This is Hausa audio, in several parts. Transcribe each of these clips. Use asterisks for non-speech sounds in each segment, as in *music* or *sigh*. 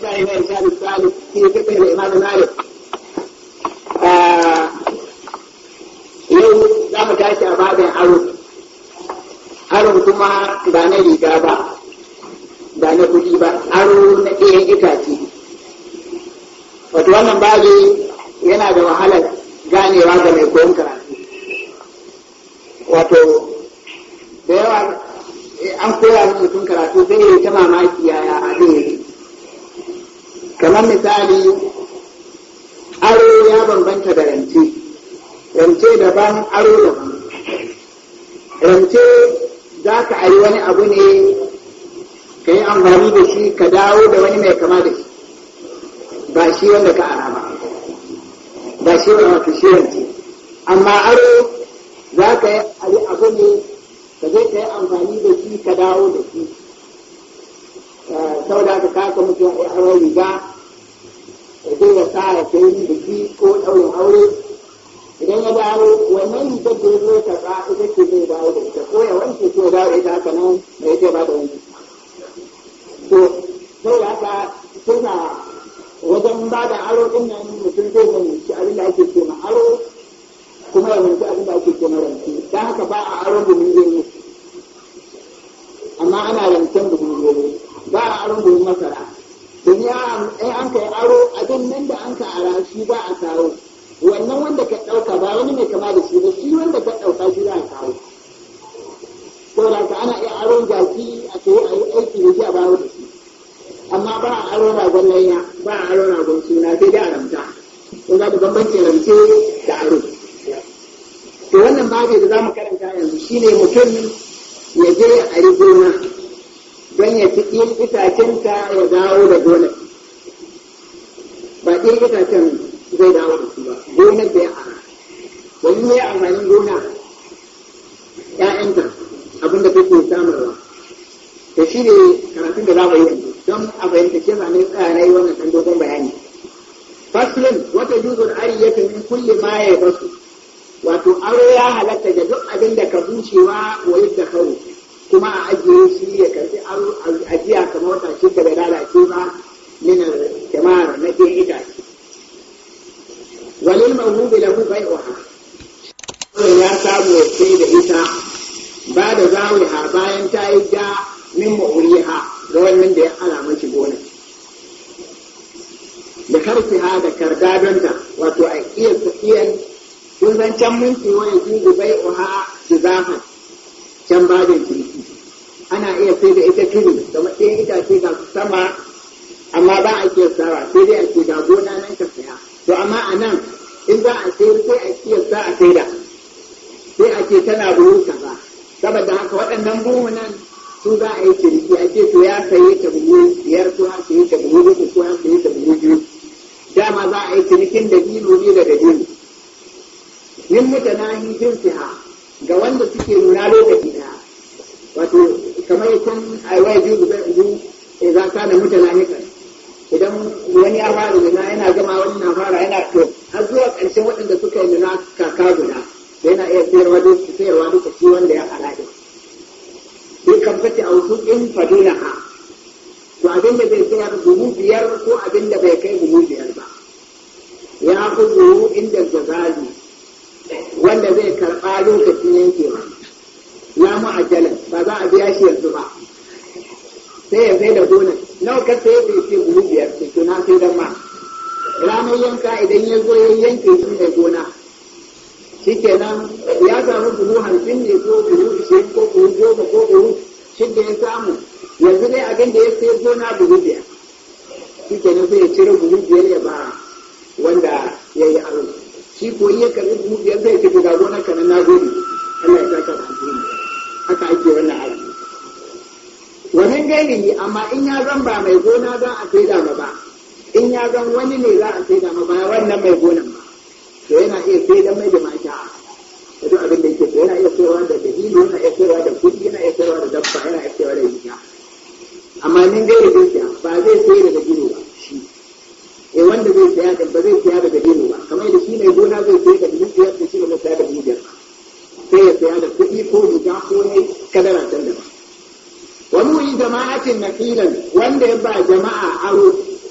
النسائي وإرشاد الثالث في فقه الإمام مالك yau za mu tashi a babin aron aron kuma ba na riga ba ba na kuɗi ba aro na ɗayan itace wato wannan babi yana da ganewa ga mai karatu wato da yawa an koya mutum karatu sai ya ta mamaki yaya abin yake kamar misali aro ya bambanta da rance rance daban aro daban rance za ka ari wani abu ne ka yi amfani da shi ka dawo da wani mai kama da shi ba shi wanda ka ara ba ba shi wanda ka shi rance amma aro za ka yi ari abu ne ka je ka yi amfani da shi ka dawo da shi eh, Sau da ka kasa mutum a riga ya zo ya tsara sayin biki ko ɗaurin aure idan ya dawo wannan rigar da ya zo ta tsa ita ce zai dawo da ita ko ya wanke ko ya dawo da ita haka nan da ce ba da wanki to sai da haka suna wajen ba da aro ɗin nan don a fahimta shi zanen tsarai wannan ɗan dogon bayani faslin wata juzur ariyatin min kulle ma ya fasu wato aure ya halatta da duk abin da ka bushewa wa yadda kawo kuma a ajiye shi ya karfi ajiya kamar wata shida da lalace ba min jama'ar na ke itace walil mahubi lahu bai'uha ya samu sai da ita ba da zawiha bayan ta yi ja min ma'uriha da wannan da ya hana maki gona da karfi ha da kardadonta wato a iya tafiyan kun san can minti wani gugu bai uha su zafa can bajin kirki ana iya sai da ita tudu da matsayin itace ga sama amma ba a kiyasta sai dai a ke ga gona nan ka saya to amma a nan in za a sayar sai a kiyasta a saida sai a ke tana buhu ba saboda haka waɗannan buru nan su za a yi ciniki a ce su ya sayi ta bugu, biyar su ya sayi ta bugu, uku su ya sayi ta bugu biyu dama za a yi cinikin da dino ne da dino min jin jinsiha ga wanda suke nuna lokaci da wato kamar kun aiwai biyu eh, da biyu muta na yi kan idan wani ya fara nuna yana gama wani na fara yana to har zuwa ƙarshen waɗanda suka yi nuna kaka guda yana iya sayarwa duka shi wanda ya alaɗe kamfati a wasu in fadilaha to abin da zai tsaya gumu biyar ko abin da bai kai gumu biyar ba ya fi gumu inda jazali wanda zai karɓa lokacin yankewa ya mu'ajjalan ba za a biya shi yanzu ba sai ya sai da gonar nawa ka sai bai ce gumu biyar sai to na sai dan ma ranar yanka idan ya zo ya yanke shi mai gona shikenan ya samu buhu hamsin ne ko buhu ishirin ko buhu goma ko buhu shidda ya samu yanzu ne a da ya sai gona buhu biyar shi ke nufi ya cire buhu biyar ya ba wanda ya yi aro shi ko iya karbi buhu biyar zai ce to gona kanan na gobe? Allah ya saka alheri haka ake wannan aiki wannan ne amma in ya zan ba mai gona za a sai dama ba in ya zan wani ne za a sai dama ba wannan mai gonan ba to yana iya sai da mai da mata duk abin da ke ko yana iya kowa da dalili yana iya kaiwa da kuɗi yana iya kaiwa da dabba yana iya kaiwa da dukiya amma min dai da dukiya ba zai sayar daga dabino ba shi eh wanda zai saya da ba zai saya daga dabino ba kamar da shi mai gona zai sayar da dukiyar da shi ne zai saya da dukiyar sai ya saya da kuɗi ko duka ko ne kadara can da ba wani wani jama'atin na filan wanda ya ba jama'a aro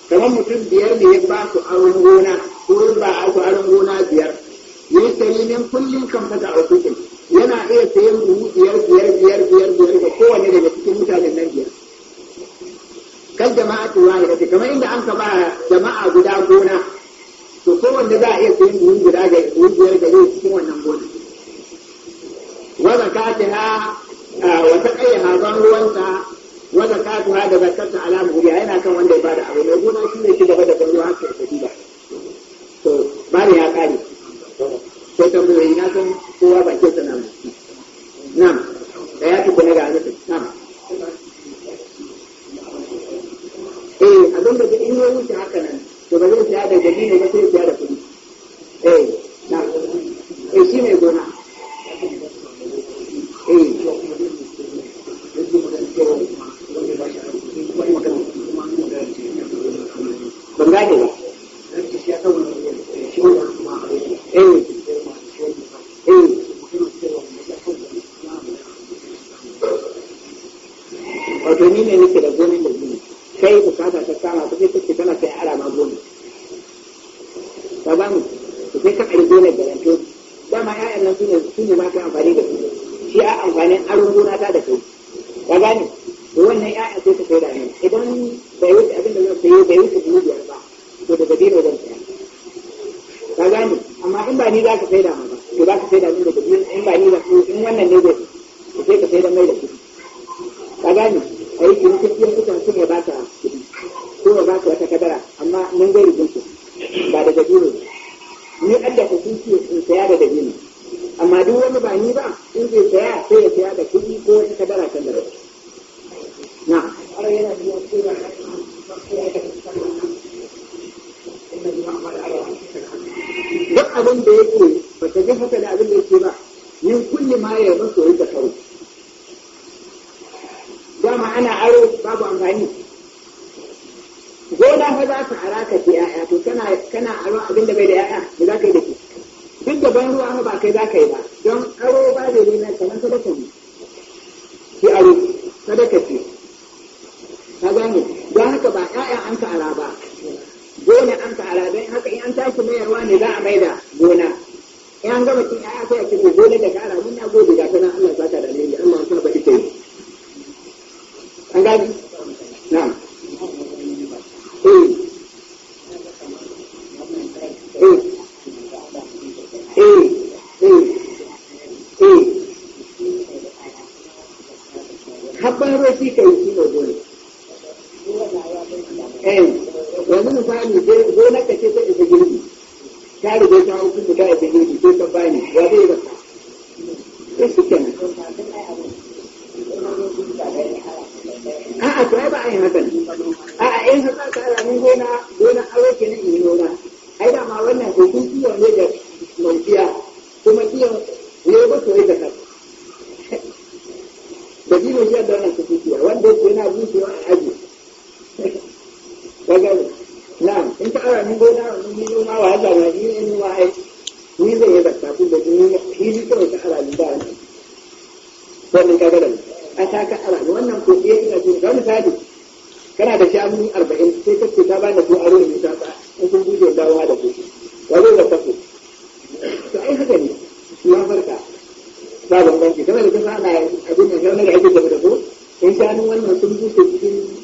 kamar mutum biyar ne ya ba su aron gona ko ya ba su aron gona biyar ya sayi min kullum kan fata a kuɗin yana iya sayan buhu biyar biyar biyar biyar biyar ga kowane daga cikin mutanen nan biyar kan jama'a tuwa ya ce kamar inda an ka ba jama'a guda gona to kowanne za a iya sayan buhu guda ga buhu biyar ga zai cikin wannan gona wa zakatiha wa taqayyaha ban ruwanta wa zakatuha daga zakatu ala muhriya yana kan wanda ya bada abu mai gona shi ne shi gaba da ban ruwa har sai to bani ya kare wata ina san kowa ba ke ka yi cinikakkiyar su sun ba baka kuɗi ko ba baka wata kadara amma mun gari jinsu ba da dabino ni Allah ta sun ce in saya da dabino amma duk wani ba ni ba in zai saya sai ya saya da kuɗi ko wata kadara kan da na duk abin da yake ba ta ji haka da abin da yake ba Yin kulli ma ya rasu da kawai dama ana aro babu amfani gona fa za ka ara ka ce ya'ya to kana kana aro abin da bai da ya'ya da za ka yi da shi duk da ban ruwa ba kai za ka yi ba don aro ba da ne na kamar sadaka ne ki aro sadaka ce ka gane don haka ba ya'ya an ka ara ba gona an ka ara don haka in an tashi mayarwa ne za a maida gona in an gama cin ya'ya sai a ce gona da ka ara mun na gode ga sanan Allah saka da ne Allah ya sa ba ita yi an gaji na'am habban rofi ka yi kilo gole eh yanzu misali gonar na ce ta isa girbi ta riga ta hukun da ta isa girbi ko ta bani shanun wannan sun buɗe cikin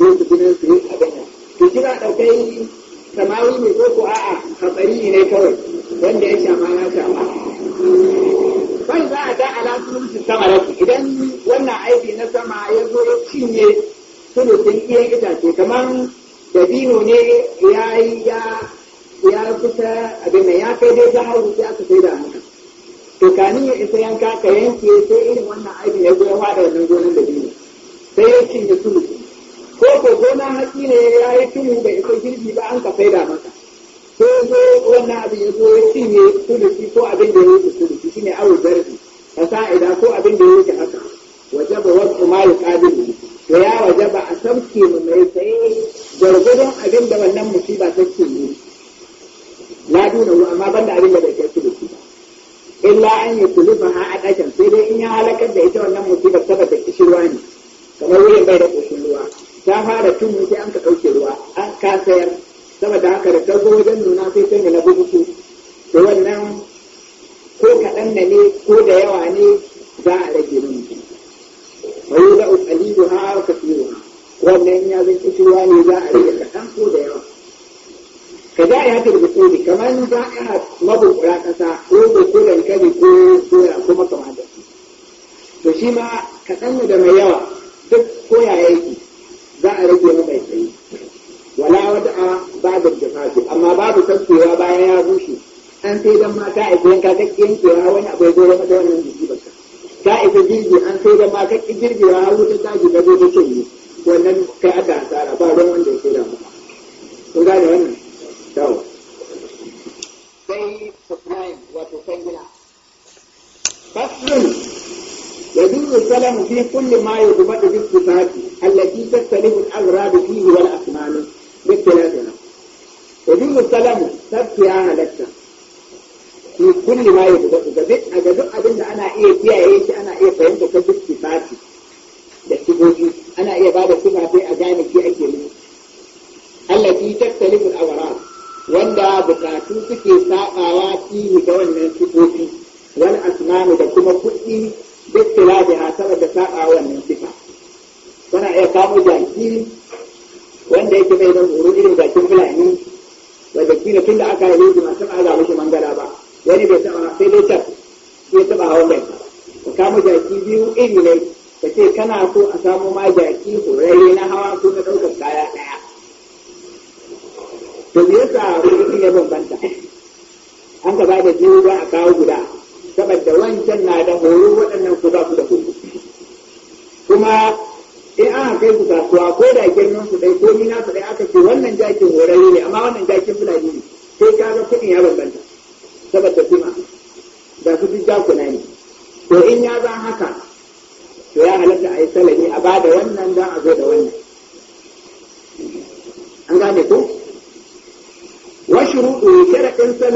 sai su gudun su yi abin nan to kira ɗaukai samawi ne ko ko a'a hatsari ne kawai wanda ya shama ya shama bai za a ga alasun su sama rafi idan wannan aiki na sama ya zo ya cinye sun iya itace kamar dabino ne ya yi ya ya kusa abin ya kai dai jaharu sai aka sai da haka to ya isa yanka ka yanke sai irin wannan aiki ya zo ya fada wannan gonan dabino sai ya cinye sulusi ko ko gona haƙi ne ya yi tunu bai isa girbi ba an ka faida masa ko zo wannan abin ya zo ya cinye sulusi ko abin da ya wuce shi ne awu zarfi sa'ida ko abin da ya wuce haka wajaba wasu malu ne to ya wajaba a samke mu mai saye gwargwadon abin da wannan musiba ta ce ne la duna amma banda abin da bai kai ba illa an yi kulufa ha a ɗakin sai dai in ya halakar da ita wannan musibar saboda kishirwa ne kamar wurin bai da ƙoshin ruwa ta fara tun sai an ka ɗauke ruwa an ka sayar saboda haka da ɗago wajen nuna sai sai na bugu da wannan ko kaɗan na ne ko da yawa ne za a rage min wani da ukalibu ha a ruwa, wannan ya zan kishirwa ne za a rage kaɗan ko da yawa ka za a yi haka da bukuri kamar za a mabukura ƙasa ko da kari ko soya ko makamata to shi ma kaɗan da mai yawa duk koya yake a rage mu mai tsayi wala wata a babu jafafi amma babu tafkewa bayan ya rushe an sai dan mata a gidan ka kake yankewa wani abu ya zo mata wannan jiki baka ka isa jirgi an sai dan mata kake jirgewa har wuta ta ji da zo ta ce wannan kai aka hasara ba ruwan wanda ya sai da maka kun gane wannan dawo sai supply wato kan kwangila faslun يجوز الكلام في كل ما يضبط الصفات التي تختلف الأغراض فيه والاسنان باختلافنا يجوز الكلام تبكي لك في كل ما يضبط أجدو أبن أنا إيه كي أعيش أنا إيه فهمت كل الصفات للسبوتي أنا إيه بعد الصفات أجانب في أي التي تختلف الأغراض wanda bukatu suke sa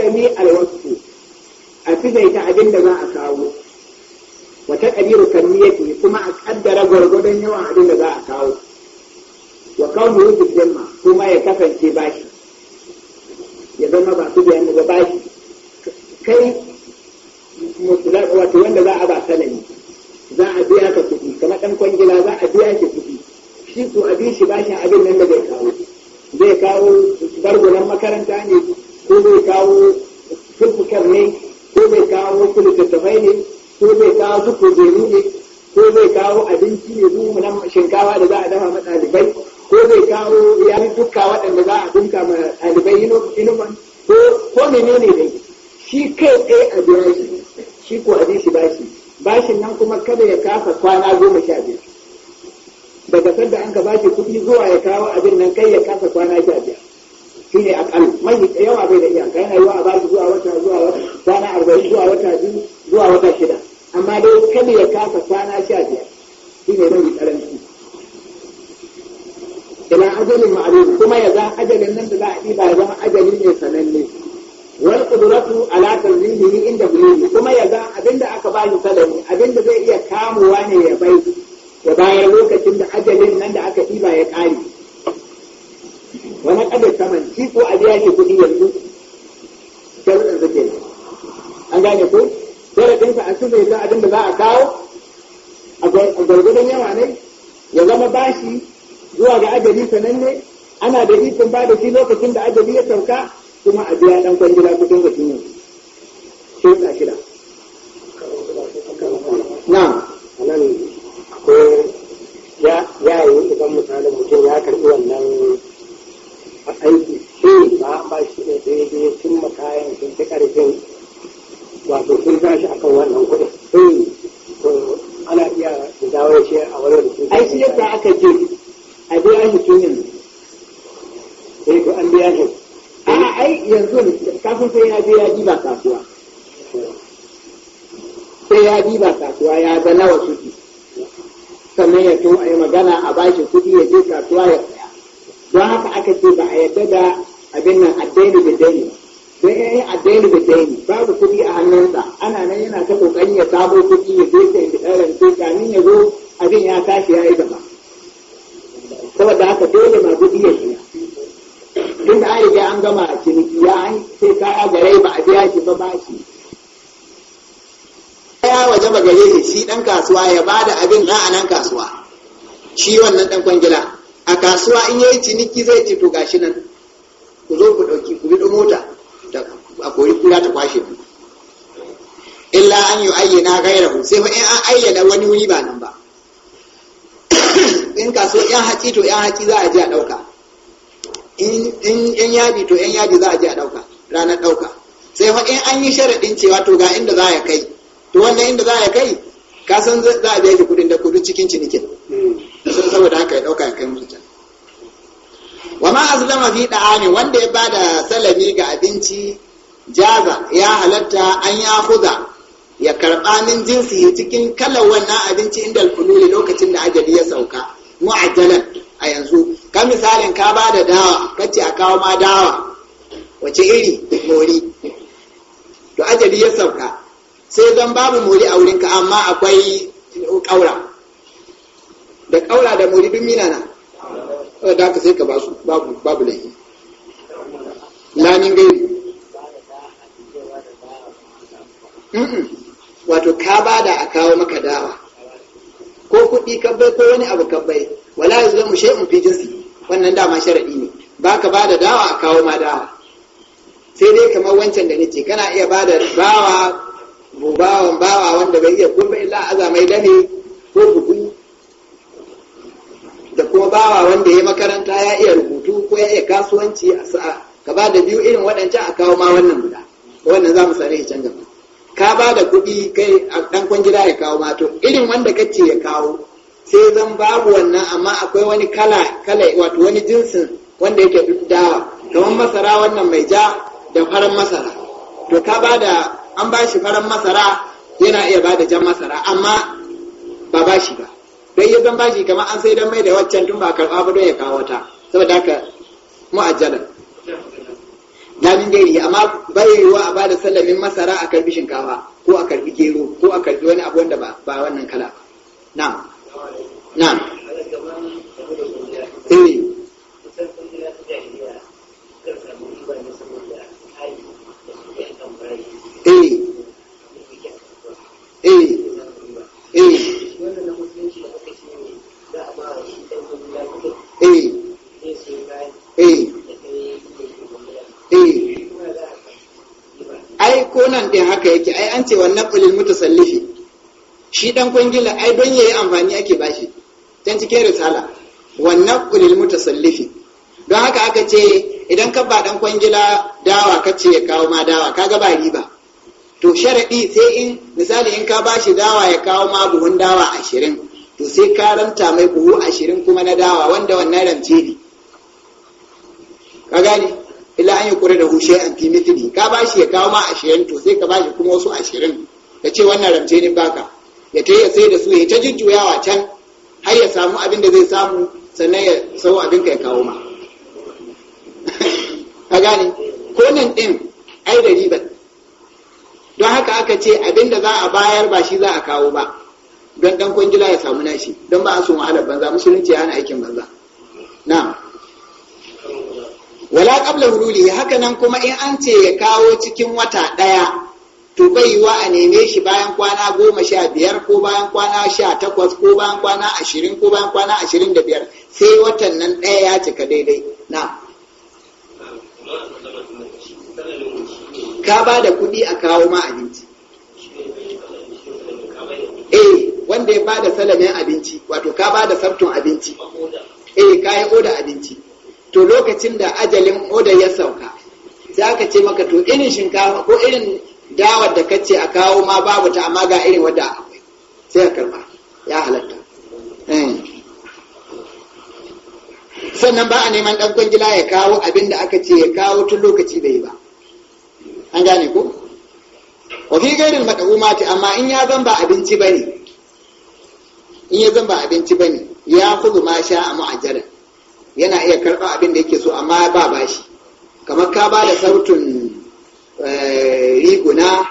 alami alwasu a fizaita abin da za a kawo wata ƙabiru kamiyati kuma a ƙaddara gwargwadon yawan abin da za a kawo wa kawo rufin jimma kuma ya kasance bashi ya zama ba su biyan da bashi kai wato wanda za a ba sanani za a biya ka kuɗi kamar ɗan kwangila za a biya shi kuɗi shi ko a bi shi bashin abin nan da zai kawo zai kawo bargunan makaranta ne ko zai kawo shirkukar ne ko zai kawo wasu littattafai ne ko zai kawo su kujeru ne ko zai kawo abinci ne mu nan shinkawa da za a dafa mata ɗalibai ko zai kawo yayin dukka waɗanda za a dunka ma ɗalibai inuman ko ko menene ne shi kai tsaye a biya shi shi ko shi bashi bashin nan kuma kada ya kafa kwana goma sha biyar daga sanda an ka bashi kuɗi zuwa ya kawo abin nan kai ya kafa kwana sha biyar shi ne akalu mai da yawa bai da iyaka yana yiwa a ba shi zuwa wata zuwa wata kwana arba'in zuwa wata biyu zuwa wata shida amma dai kada ya kasa kwana sha biyar shi ne mai karanci ila ajalin ma'ruf kuma ya za ajalin nan da za a ɗiba ya zama ajali ne sananne wal qudratu ala tanzihi inda bulughi kuma ya za abinda aka ba shi salami abinda zai iya kamowa ne ya bai ya bayar lokacin da ajalin nan da aka ɗiba ya ƙare kamar ƙadar saman shi ko a biya ne kuɗi yanzu sharuɗin su ke an gane ko sharaɗin sa a cikin san abin da za a kawo a gwargwadon yawa ne ya zama bashi zuwa ga ajali ne ana da ikon ba da shi lokacin da ajali ya sauka kuma a biya ɗan kwangila kuɗin da shi ne na anan ya yi idan misalin mutum ya karbi wannan saba shi ne daidai ya cimma kayan shi ta ƙarfin wato sun tashi akan wannan kuɗin to ana iya da dawo shi a wani da ai shi yadda aka ce a an shi yanzu. sai ko an biya shi a ai yanzu kafin sai ya biya ji ba kasuwa sai ya ba kasuwa ya ga nawa suke sannan ya to a yi magana a bashi kuɗi ya je kasuwa ya saya don haka aka ce ba a yadda da abin nan a daily da daily don yayi a daily da daily babu kuɗi a hannunsa ana nan yana ta kokarin ya sabo kuɗi ya je ta yi ɗaran ya zo abin ya tashi ya yi gaba saboda haka dole ma kuɗi ya shiga tun da an riga an gama ciniki ya an sai kaya gare ba a biya shi ba ba shi ya waje ba gare shi shi ɗan kasuwa ya ba da abin a nan kasuwa shi wannan ɗan kwangila a kasuwa in yayi ciniki zai ci to gashi nan ku zo ku ɗauki ku biɗo mota a kori kura ta kwashe ku illa an yi ayyana ku. sai fa in an ayyana wani wuri ba nan ba in so yan haƙi to yan haƙi za a je a ɗauka in yan yadi to yan yaji za a je a ɗauka ranar ɗauka sai fa in an yi sharaɗin cewa to ga inda za a kai to wannan inda za a kai ka san za a biya ki kuɗin da kudin cikin cinikin sallama mafiɗa ne wanda ya bada salami ga abinci jaza ya halatta an ya huza ya karɓa min jinsi cikin kalar wannan abinci inda alkululi lokacin da ajali ya sauka mu'ajjalan a yanzu ka misalin ka ba da dawa ka ce a kawo ma dawa wace iri mori to ajali ya sauka sai zan babu mori a wurinka amma akwai ƙaura da ƙaura da mori duk minana da aka sai ka ba su babu babu laifi lamin gairi wato ka bada a kawo maka dawa ko kuɗi kabbai ko wani abu kabbai wala yanzu zama in fi jinsi wannan dama sharaɗi ne ba ka bada dawa a kawo ma dawa sai dai kamar wancan da nace kana iya ba da bawa bubawan bawa wanda bai iya kuma illa azamai dane ko bugu da kuma bawa wanda ya makaranta ya iya rubutu ko ya iya kasuwanci a sa'a ka ba da biyu irin waɗancan a kawo ma wannan guda wannan za mu sare can gaba ka ba da kuɗi kai a ɗan gida ya kawo ma to irin wanda ka ce ya kawo sai zan babu wannan amma akwai wani kala kala wato wani jinsin wanda yake duk dawa kamar masara wannan mai ja da faran masara to ka ba da an ba shi faran masara yana iya ba da jan masara amma ba ba shi ba sai ya zan bashi kamar an sai don mai da waccan tun ba karɓa ba don ya kawo ta saboda haka mu'ajjalan da yi amma bai yiwuwa a bada sallamin masara a karbi shinkafa ko a karbi gero ko a karbi wani abu wanda ba wannan kala na na eh eh eh eh Eh. Eh. ai ko nan ɗin haka yake ai an ce wannan kulil mutasallifi shi ɗan kwangila ai don yayi amfani ake bashi can cikin risala wannan kulil mutasallifi don haka aka ce idan ka ba dan kwangila dawa ka ce ya kawo ma dawa kaga ba riba to sharaɗi sai in misali in ka bashi dawa ya kawo ma buhun dawa ashirin to sai ka ramta mai buhu ashirin kuma na dawa wanda wannan ramce ne ka gane ila an yi kure da hushe an fi mitili ka ba shi ya kawo ma ashirin to sai ka ba shi kuma wasu ashirin da ce wannan ramce ne baka ya ta ya sai da su ya ta jujjuyawa can har ya samu abin da zai samu sannan ya sau abin ka ya kawo ma *laughs* ka gane ko nan din ai da ribar don haka aka ce abin da za a bayar ba shi za a kawo ba don dan kwangila ya samu nashi don ba a so wahalar banza musulunci ya aikin banza na wala qabla hululi haka nan kuma in an ce ya kawo cikin wata ɗaya to bai yiwa a neme shi bayan kwana goma sha biyar ko bayan kwana sha takwas ko bayan kwana ashirin ko bayan kwana ashirin da biyar sai watan nan ɗaya ya cika daidai na ka bada da kuɗi a kawo ma wanda ya bada salamin abinci wato ka bada sabtun abinci eh ka yi oda abinci to lokacin da ajalin oda ya sauka za ka ce maka to irin shinkafa ko irin dawar da kace a kawo ma babu ta amma ga irin wadda akwai sai ka karba ya halatta eh. sannan ba a neman ɗan kwangila ya kawo abin da aka ce ya kawo tun lokaci bai ba an gane ko wa fi gairin maɗa'umati amma in ya zan ba abinci ba ne in ya zan ba abinci bane ya kuzu ma sha a mu'ajjarin yana iya karɓa abin da yake so amma ba bashi kamar ka ba da sautin eh, riguna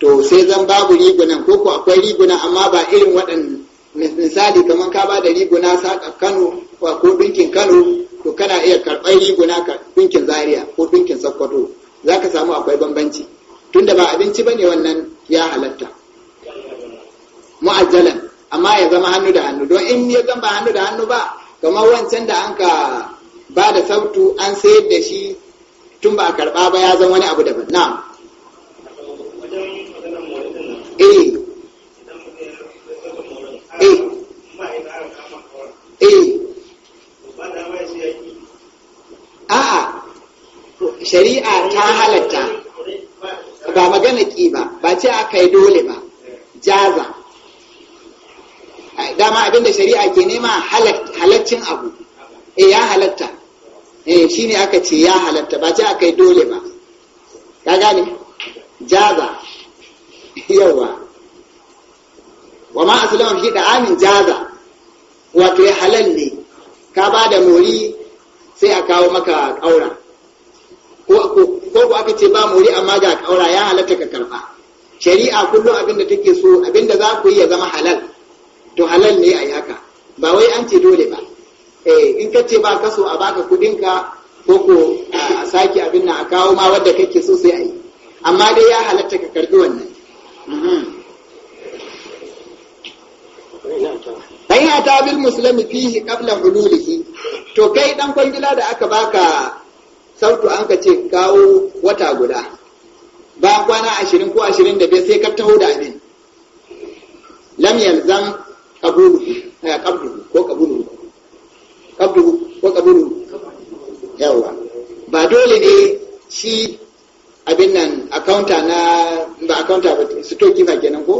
to sai zan babu rigunan ko ko akwai riguna amma ba irin waɗan misali kamar ka ba da riguna saka kano ko ɗinkin kano to kana iya karɓar riguna ka ɗinkin zaria ko ɗinkin sokoto za ka samu akwai bambanci tunda ba abinci bane wannan ya halatta mu'ajjalan amma ya zama hannu da hannu don in ya zama hannu da hannu ba kamar wancan da an ka ba da sautu an sayar da shi tun ba a karba ba ya zama wani abu daban na eh eh eh a shari'a ta halatta ba magana ki ba ba ce aka yi dole ba jaza dama abinda shari'a ke nema halaccin abu eh ya halatta eh shine aka ce ya halatta ba ce aka yi dole ba ka gane jaza yawa wa ma aslama fi da'amin jaza wato ya halal ne ka ba da mori sai a kawo maka kaura ko ko aka ce ba mori amma ga kaura ya halatta ka karba shari'a kullum abinda take so abinda za ku yi ya zama halal to halal ne a yi haka ba wai an ce dole ba E, in ka ce ba ka so a baka kudinka ko ko a sake abin na a kawo ma wadda kake so sai a yi amma dai ya halatta ka karbi wannan Ɗan mhm. ya ta bil musulmi fihi qabla hululihi to kai ɗan kwangila da aka baka sautu an ka ce kawo wata guda Ba kwana ashirin ko ashirin da bai sai ka taho da abin lam yalzam kabulu ya kabulu ko kabulu kabulu ko kabulu yawa ba dole ne shi abin nan akaunta na ba akaunta ba stoki ba kenan ko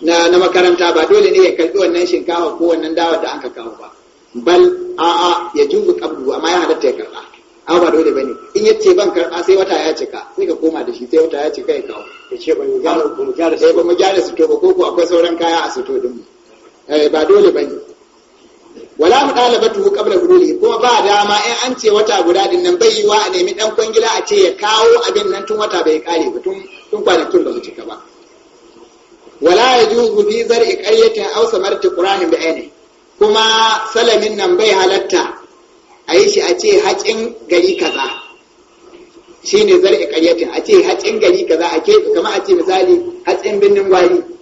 na na makaranta ba dole ne ya karbi wannan shinkafa ko wannan dawa da anka kawo ba bal a'a ya juzu kabulu amma ya halatta ya karba an ba dole bane in ya ce ban karɓa sai wata ya cika sai ka koma da shi sai wata ya cika ya kawo ya ce ba mu gyara su to ba ko ko akwai sauran kaya a su to din mu Eh, ba dole ba ne wala mu tuhu qabla hululi kuma ba dama in an ce wata guda din nan bai wa a nemi ɗan kwangila a ce ya kawo abin nan tun wata bai kare ba tun kwanakin ba su cika ba wala ya zar i zar'i qaryatin aw samarti qur'anin da aini kuma salamin nan bai halatta a yi shi a ce haƙin gari kaza shine i qaryatin a ce haƙin gari kaza a ke kamar a ce misali haƙin birnin gwari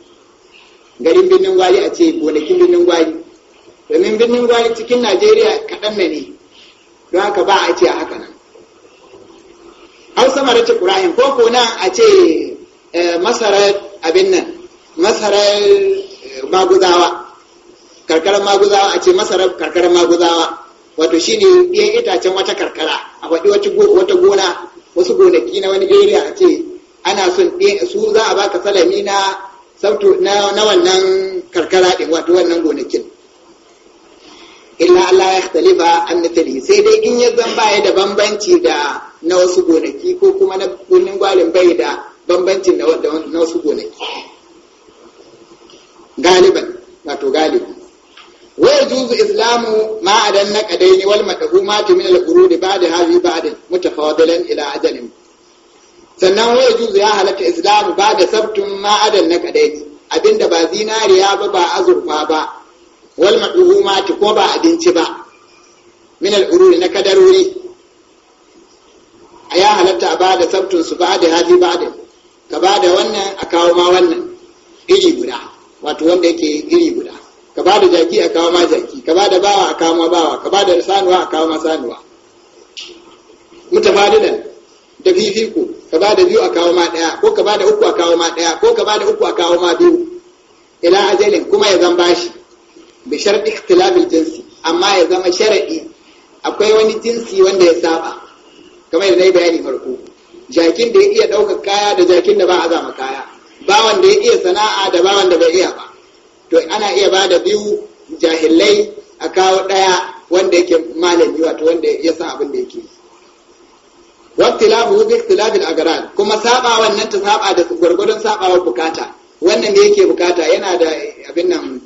garin birnin gwari a ce gonakin birnin gwari domin birnin gwari cikin najeriya kaɗan na ne don haka ba a ce a haka nan hausa mara ce ƙura'in ko ko a ce eh, masarar abin nan masarar eh, maguzawa karkarar maguzawa a ce masarar karkarar maguzawa wato shi ne biyan itacen wata karkara a faɗi wata gona wasu gonaki na wani area a ce ana son su za a baka salami na Sautu na wannan karkara din wato wannan gonakin illa Allah ya ikhtalifa an mithli sai dai in ya zan baya da bambanci da na wasu gonaki ko kuma na gonin gwalin bai da bambancin da na wasu gonaki galiban wato galibi Wai juzu islamu ma'adan na kadai ne wal madahu ma min al qurud ba'da hadhi da mutafawadilan ila ajalin sannan waya juzu ya halatta Islam ba da sabtun ma'adan na kadai abinda ba zinariya ba ba azurfa ba wal maduhumati ko ba abinci ba min ururi na kadaruri a ya halatta a ba da sabtun su ba da hali ba da ka ba da wannan a kawo ma wannan iri guda wato wanda yake iri guda ka ba da jaki a kawo ma jaki ka ba da bawa a kawo ma bawa ka ba da sanuwa a kawo ma sanuwa mutafadilan da fifiko ka ba da biyu a kawo ma ɗaya ko ka ba da uku a kawo ma ɗaya ko ka ba da uku a kawo ma biyu ila ajalin kuma ya zan bashi bi sharɗi ikhtilabil jinsi amma ya zama sharaɗi akwai wani jinsi wanda ya saba kamar da na yi bayani farko jakin da ya iya ɗaukar kaya da jakin da ba a zama kaya bawan da ya iya sana'a da bawan da bai iya ba to ana iya ba da biyu jahilai a kawo ɗaya wanda yake malami wato wanda ya san abin da yake waktilafu bi al agran kuma saba wannan ta saba da gurgurdun sabawar bukata wannan da yake bukata yana da abin nan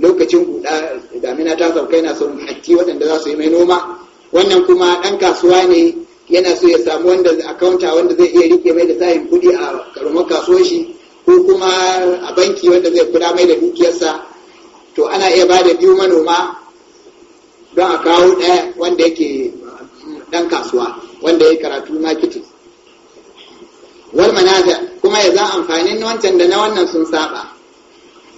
lokacin guda damina ta sauka yana son hakki waɗanda za su yi mai noma wannan kuma ɗan kasuwa ne yana so ya samu wanda akaunta wanda zai iya rike mai da sahin kuɗi a karamar kasuwar shi ko kuma a banki wanda zai kula mai da dukiyarsa to ana iya ba da biyu manoma don a kawo ɗaya wanda yake dan kasuwa wanda ya karatu marketing wal manaza kuma ya za amfanin wancan da na wannan sun saba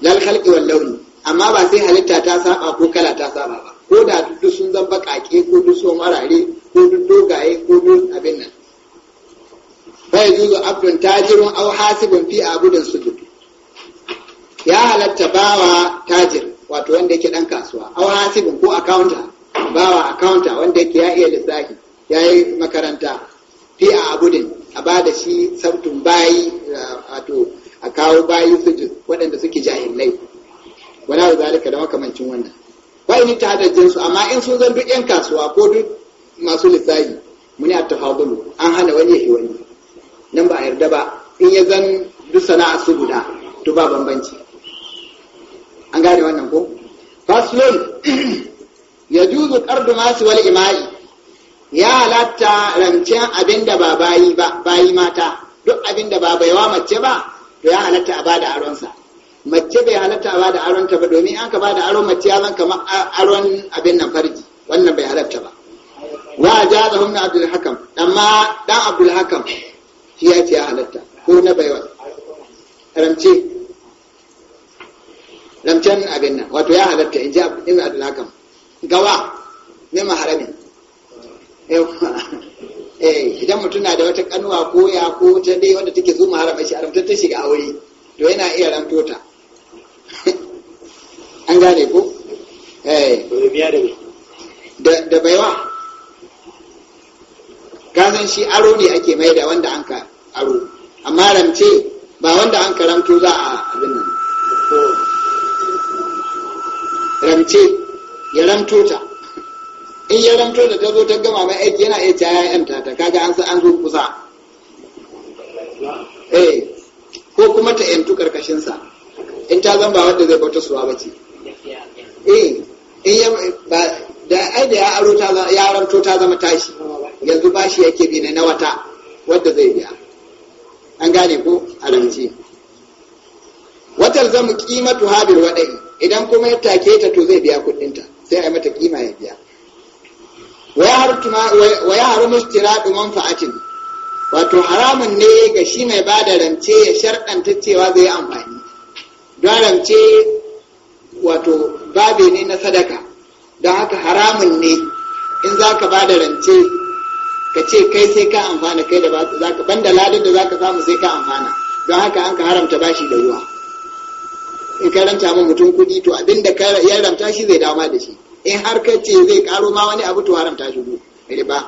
lal khalqi wal launi amma ba sai halitta ta saba ko kala ta saba ba ko da duk sun zan bakake ko duk so marare ko duk dogaye ko duk abin nan bai juzu abdun tajirun aw hasibun fi abudin sujud ya halatta bawa tajir wato wanda yake dan kasuwa aw hasibun ko accountant bawa accountant wanda yake ya iya lissafi ya yi makaranta fi a abudin a ba da shi sabtun bayi wato a kawo bayi sujud waɗanda suke jahilai wani abu zalika da makamancin wannan ba in ta hada jinsu amma in sun zan duk yan kasuwa ko duk masu lissafi muni a tafagulu an hana wani yahi wani nan ba a yarda ba in ya zan duk sana'a su guda to ba bambanci an gane wannan ko faslun *clears throat* juzu ƙardu masu wal ima'i ya halatta rancen abin da ba bayi ba bayi mata duk abin da ba baiwa mace ba to ya halatta a bada aronsa mace bai halatta a bada aron ta ba domin an ka bada aron mace ya zan kamar aron abin nan farji wannan bai halatta ba wa ja da hunna abdul hakam amma dan abdul hakam shi ya ce ya halatta ko na baiwa rance rancen abin nan wato ya halatta in ji abdul hakam gawa ne maharamin *laughs* Eh, idan mutum na da wata kanuwa ko ya ko ta dai wanda take zuma haramai shi haramta ta shiga aure to yana iya ranto ta *laughs* an gane ko eh. da Da baiwa kasan shi aro ne ake mai da wanda an ka aro amma ramce ba wanda an ka ramto za a abin nan ramce ya ranto ta in ya ramto da ta zo ta gama mai aiki yana iya caya yan ta kaga an an zo kusa eh ko kuma ta yantu karkashin sa in ta zan ba wanda zai bauta suwa bace eh in ya ba da ai da ya aro ta ya ramto ta zama tashi yanzu bashi yake bi na wata wanda zai biya an gane ko a ramce watar zamu kimatu habir wadai idan kuma ya take ta to zai biya kuɗinta sai a yi mata kima ya biya wa ya haru mustira duman fa'atin wato haramun ne ga shi mai ba da rance ya sharɗanta cewa zai amfani don rance wato babe ne na sadaka don haka haramun ne in za ka ba da rance ka ce kai sai ka amfana kai da za ka banda ladar da za ka samu sai ka amfana don haka an ka haramta bashi da ruwa in ka ranta mutum kuɗi to abinda ka ranta shi zai dama da shi in har ka ce zai karo ma wani abu to haramta shigo riba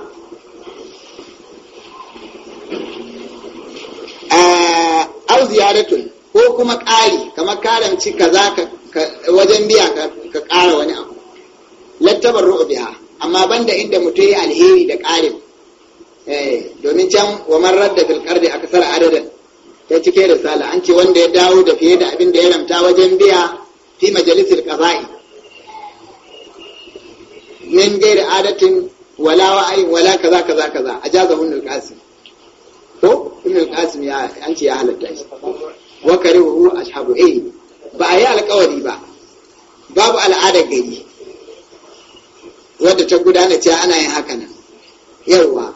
eh, eh, au ziyaratun ko kuma ƙari kamar karanci kaza wajen biya ka ƙara wani abu lattabar biha amma banda inda mutum ya alheri da ƙarin eh, domin can wa marar da bil qardi aka sara ta cike da sala an ce wanda ya dawo da fiye da abin da ya ramta wajen biya fi majalisar ƙaza'i من غير adatin ولا وعي wala kaza kaza kaza a jaza القاسم al-qasim ko يا أنت يا أهل an ce ya halatta shi wa karihu ashabu eh ba a yi alƙawari ba babu gari wadda ta gudana ce ana yin haka nan yawa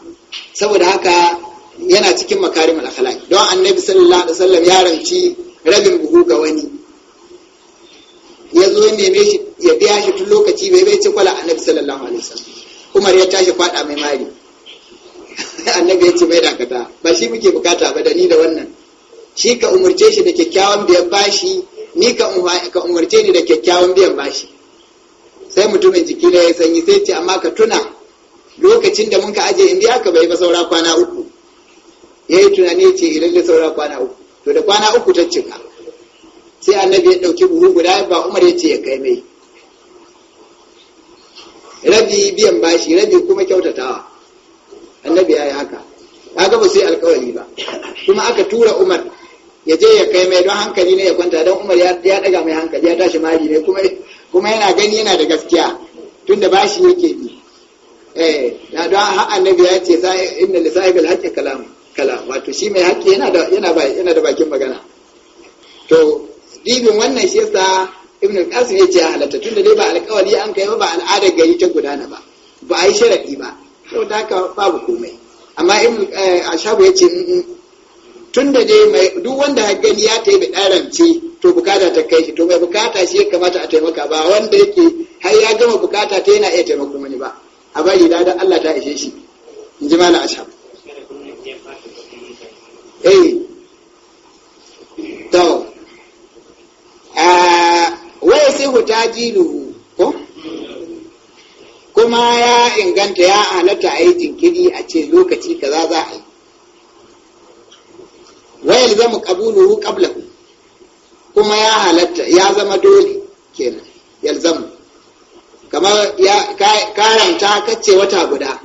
saboda haka yana cikin makarimul akhlaq don annabi sallallahu alaihi wasallam ya ranci rabin buhu ga wani ya zo ne shi ya biya shi tun lokaci bai bai ci kwala annabi sallallahu alaihi wasallam umar ya tashi kwada mai mari *laughs* annabi ya ce bai dakata ba shi muke bukata ba da ni da wannan shi ka umarce shi da kyakkyawan biyan bashi ni ka umarce ni da kyakkyawan biyan bashi sai mutumin jiki na ya sanyi sai ce amma ka tuna lokacin da mun ka aje in biya ka bai ba saura kwana uku ya yi tunani ya ce eh, idan da saura kwana uku to da kwana uku ta cika sai annabi ya ɗauki buhu guda ba umar ya ce ya kai mai rabi biyan bashi rabi kuma kyautatawa annabi ya yi haka kaga ba sai alkawari ba kuma aka tura umar ya je ya kai mai don hankali ne ya kwanta don umar ya daga mai hankali ya tashi mali ne kuma yana gani yana da gaskiya tunda bashi yake bi eh don don annabi ya ce inna li sahibil haƙƙi kalam wato shi mai haƙƙi yana da bakin magana to dibin wannan shi yasa ibn al-qasim ya ce ya halatta tunda dai ba alƙawari an kai ba al'adar gari ta gudana ba ba a yi sharadi ba da haka babu komai amma ibn eh, ashabu ya ce tunda dai duk wanda ya gani ya ta yi bidarance to bukata ta kai shi to mai bukata shi ya kamata a taimaka ba wanda yake har ya gama bukata ta yana iya taimako mani ba a bari da Allah ta ishe shi in ji malam ashabu eh tajiluhu ko kuma ya inganta ya halatta a yi jinkiri a ce lokaci kaza za a yi wayar zama ƙabuluhu kablahu kuma ya halatta ya zama dole kenan yalzamu kamar ya karanta kacce wata guda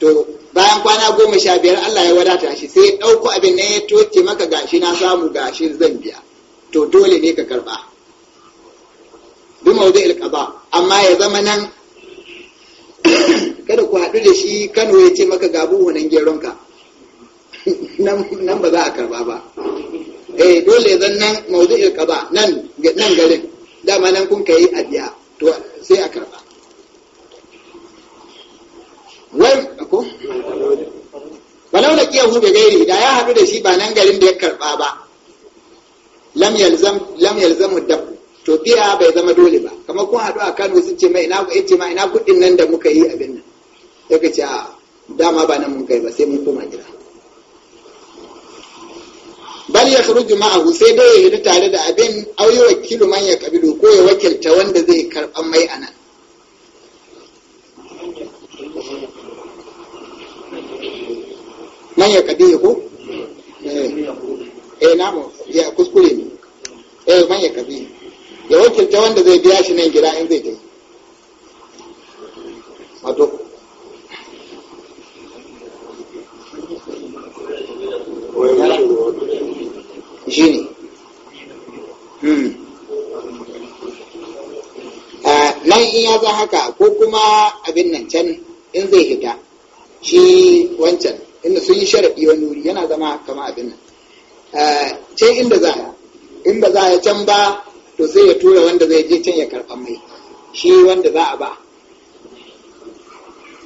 to bayan kwana goma sha biyar Allah ya wadata shi sai ɗauko abin ne ya toce maka gashi na samu gashi zan biya to dole ne ka karɓa bi mawdu'il qada amma ya zama nan kada ku haɗu da shi Kano ya ce maka gabu buhu nan geronka nan ba za a karba ba eh dole zan nan Maudu qada nan nan garin dama nan kun kai adiya to sai a karba wai ko walau kiyahu da gairi da ya haɗu da shi ba nan garin da ya karba ba lam yalzam lam yalzamu dabbu to biya bai zama dole ba kamar kun haɗu a Kano sun ce ce ma ina kuɗin nan da muka yi abin nan sai ce a dama ba nan mun kai ba sai mun koma gida bal ya kharuju ma'ahu sai dai ya hita tare da abin auyi wakilu man ya kabilu ko ya wakilta wanda zai karɓan mai a man ya kabilu ko eh, eh mu ya kuskure ne eh man ya kabilu ya wakilta wanda zai biya shi nan gida in zai tafi wato shi ne hmm. nan in ya za haka ko kuma abin nan can in zai hita shi wancan inda sun yi sharaɗi wani wuri yana zama kama abin nan can inda za a inda za a can ba to sai ya tura wanda zai je can ya karfa mai shi wanda za a ba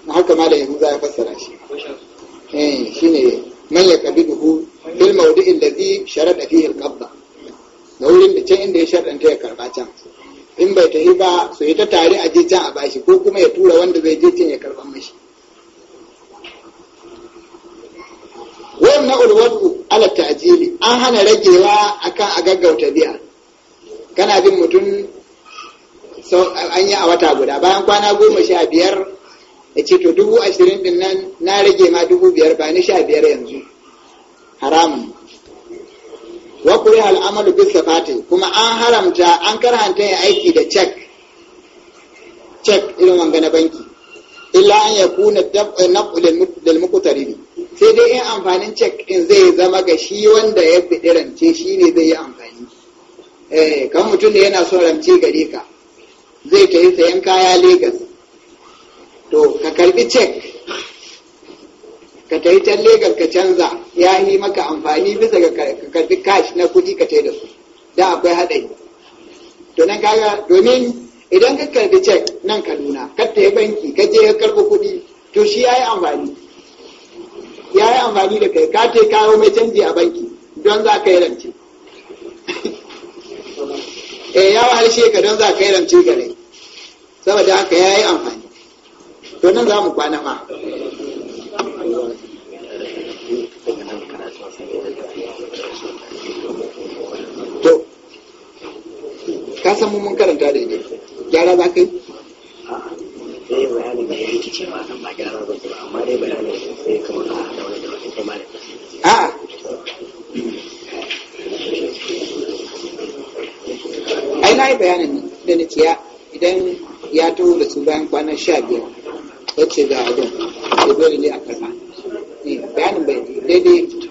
na haka ma da yanzu za a fassara shi eh shine man ya kabi duhu fil mawdi'in ladhi sharada fihi al-qabda da wurin da can inda ya sharadanta ya karɓa can in bai yi ba su yi ta tare a je can a bashi ko kuma ya tura wanda zai je can ya karɓa mashi wannan ulwadu ala ta'jili an hana ragewa akan a gaggauta biya kana bin mutum an yi a wata guda bayan kwana goma sha biyar ya ce to dubu ashirin din nan na rage ma dubu biyar ba ni sha biyar yanzu haramun wa kuri al'amalu bisa fati kuma an haramta an karhanta ya aiki da cek cek irin wanga na banki illa an ya kuna eh, naqul lil muqtarin sai dai in amfanin cek in zai zama ga shi wanda ya fi bidirance shi ne zai yi amfani eh kan mutum da yana so ramce gare ka zai ta yi sayan kaya Legas. to ka karbi cek ka ta yi can Legas ka canza ya yi maka amfani bisa ga ka karbi cash na kudi ka da su da akwai haɗari to nan kaga domin idan ka karbi cek nan kaduna ka ta yi banki ka je ka karbi kudi to shi ya yi amfani ya yi amfani da kai ka ta kawo mai canji a banki don za ka yi rance eh ya alshe ka don za ka yi ramce gare saboda haka ya yi amfani to nan za mu kwana ma to ka san mun karanta da ne gyara za ka yi A'a. Ah. a ya yi bayanin da na ciya idan ya taho da su bayan kwanan sha biyar ya ce ga abin da dole ne a karɓa eh, bayanin bai daidai